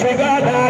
chegada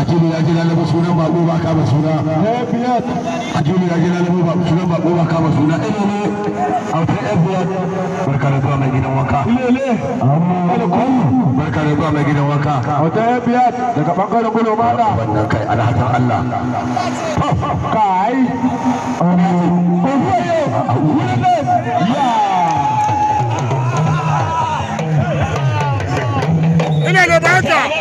ajini ya jira labo sunan bako ba kama a ajini ya jira labo sunan bako ba kama suna ilele autar ebiyar barka da zuwa mai gidan wanka ilele barka da zuwa mai gidan wanka autar ebiyar daga bangaren gudu mada wannan kai alhatar allah kai yana da baka Yana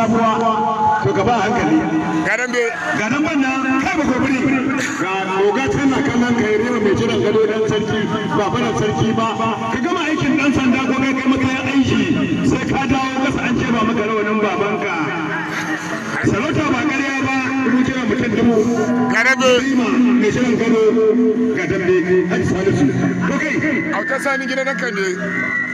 sabuwa to ka hankali gadan be gadan ban nan kai ba gobiri ga goga tana kallon kai rewa mai jiran gado dan sarki ba fara sarki ba ka gama aikin dan sanda ko kai kai maka aiki sai ka dawo kasa an ce ba maka rawanin babanka sarauta ba ƙarya ba rubuta mutum dubu garabe mai jiran gado gadan be ai salisu to kai autar sani gidan kan ne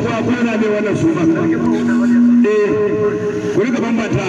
kuwa kuna ne wannan su ba eh ku rika bambata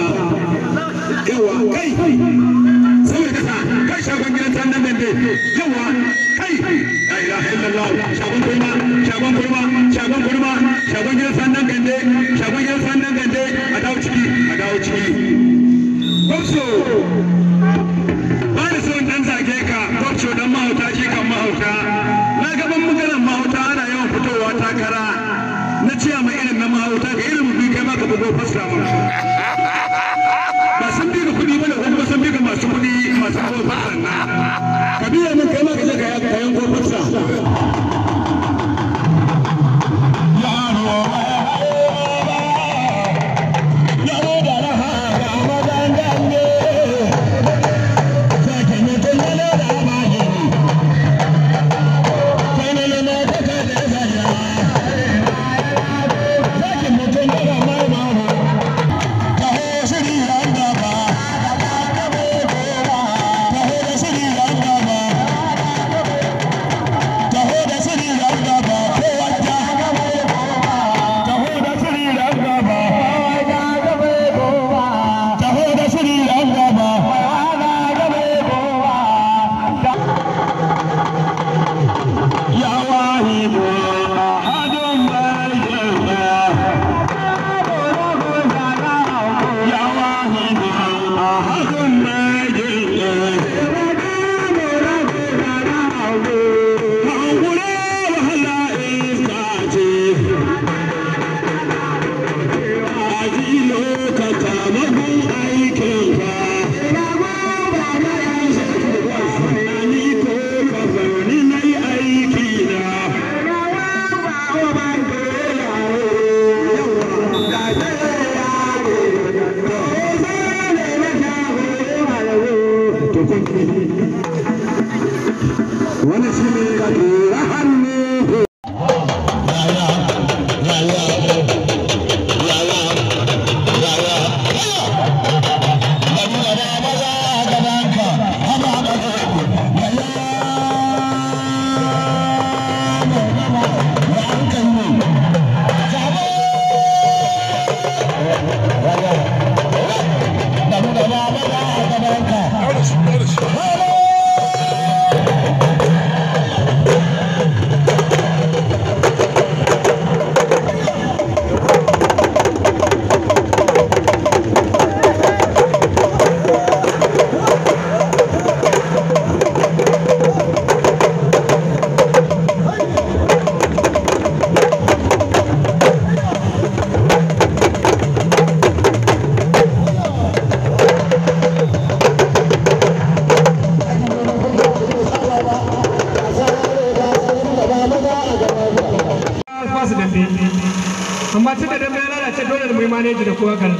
amma tun da dambe ya lalace dole da mu yi maneji da kowa kan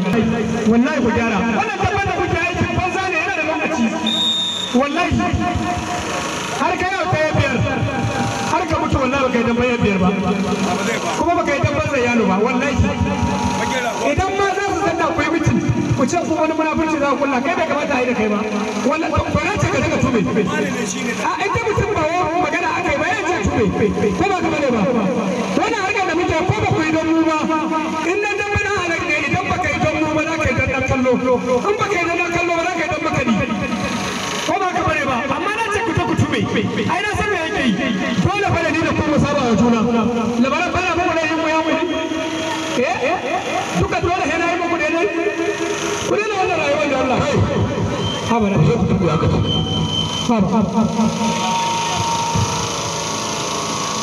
wallahi ku gyara wannan tabbar da kuke aiki banza ne yana da lokaci wallahi har ka yau ta biyar har ka mutu wallahi baka yi dambe ya biyar ba kuma baka yi dambe zai yalo ba wallahi idan ma za su zanna ku yi mutum ku ce ku wani munafurci za ku kulla kai bai kamata a yi da kai ba wallahi ba ce ka daga tube a ita mutum ba magana aka yi ba ya ce tube ko ba ka bane ba wannan harkar da muke ko ba don mu ba in na dan bana halakka idan baka yi don ba za ka yi dan kallo in baka yi dan kallo ba za ka yi dan makani ko ba ka bare ba amma na ce ku ta ku tume ai na san me yake yi dole fa ni da ku mu saba wa juna labaran bana mu ne mu ya mu eh duka dole he na yi muku daidai ku dena wannan rayuwar da Allah ha ba na ku ku ya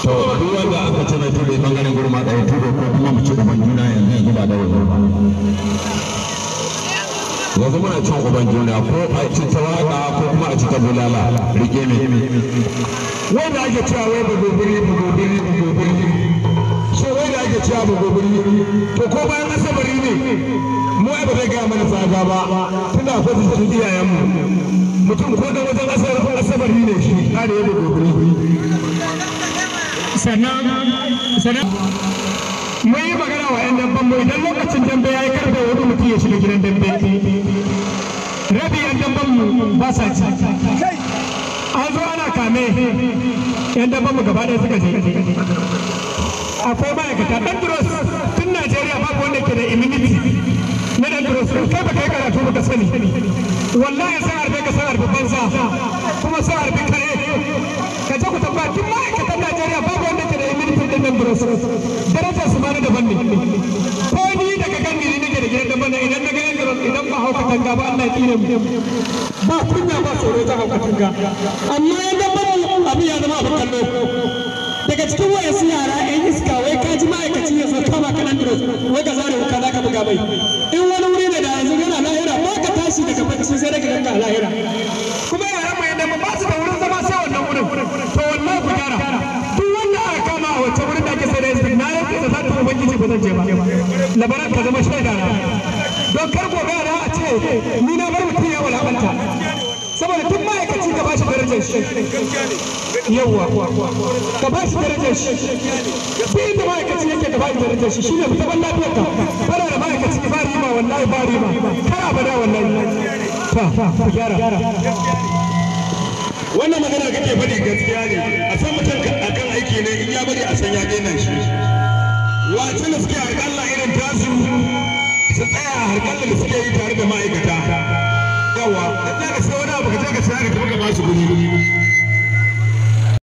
to duk wanda aka ce mai tudu bangaren gurma ɗaya tudu ko kuma mu ci uban juna yanzu yanzu ba da ba yanzu muna cin uban juna ko a ci ta waka ko kuma a ci ta bulala rike me wanda ake cewa wai ba ba gobiri gobiri ba gobiri so wai da ake cewa bugubiri to ko bayan asabari ne mu ai ba zai gaya mana tsaga ba tunda ko su cikin iyayenmu mutum ko da wajen asabari ne shi kare ya bugubiri sannan sannan mun yi magana wa 'yan mu idan lokacin dambe ya yi karfe wani mutum ya shiga gidan dambe rabi mu ba sa ci an zo ana kame 'yan damben mu gaba ɗaya suka je akwai ma'aikata ɗan duros tun najeriya babu wanda ke da immunity na ɗan duros kai ba kai karatu ba ka sani wallahi ka banza kuma kare ka je ku nan buros darajar su ma na daban ne ko ni daga kan gari nake da gidan daban nan idan na ga yanzu idan ba hauka tanga ba Allah ya tsire mu ba kunya ba tsoro ta hauka tanga amma ya daban abin ya zama abin kallo daga cikin wayansu yara yan iska wai ka ji ma'aikaci ya zo kama ba nan buros wai ka zare wuka za ka buga bai in wani wuri ne da yanzu yana lahira ba ka tashi daga bacci sai daga ganka lahira kuma zan je ba labaran ka zama shaida na don kar gobe na a ce ni na bar mutum ya walakanta saboda duk ma'aikaci ka bashi darajar shi yawwa ka bashi darajar shi duk inda ma'aikaci yake ka bashi darajar shi shine fitaban lafiyar ka fara da ma'aikaci ba riba wallahi ba riba kar abada wallahi fa fa gyara wannan magana kake faɗi gaskiya ne a san mutum akan aiki ne in ya bari a san ya daina shi wace da suke harƙalla irin tasu su tsaya harƙalla da suke yi tare da ma'aikata yawa da za ka sai wani abu ka je ka sai ka tafi ka ba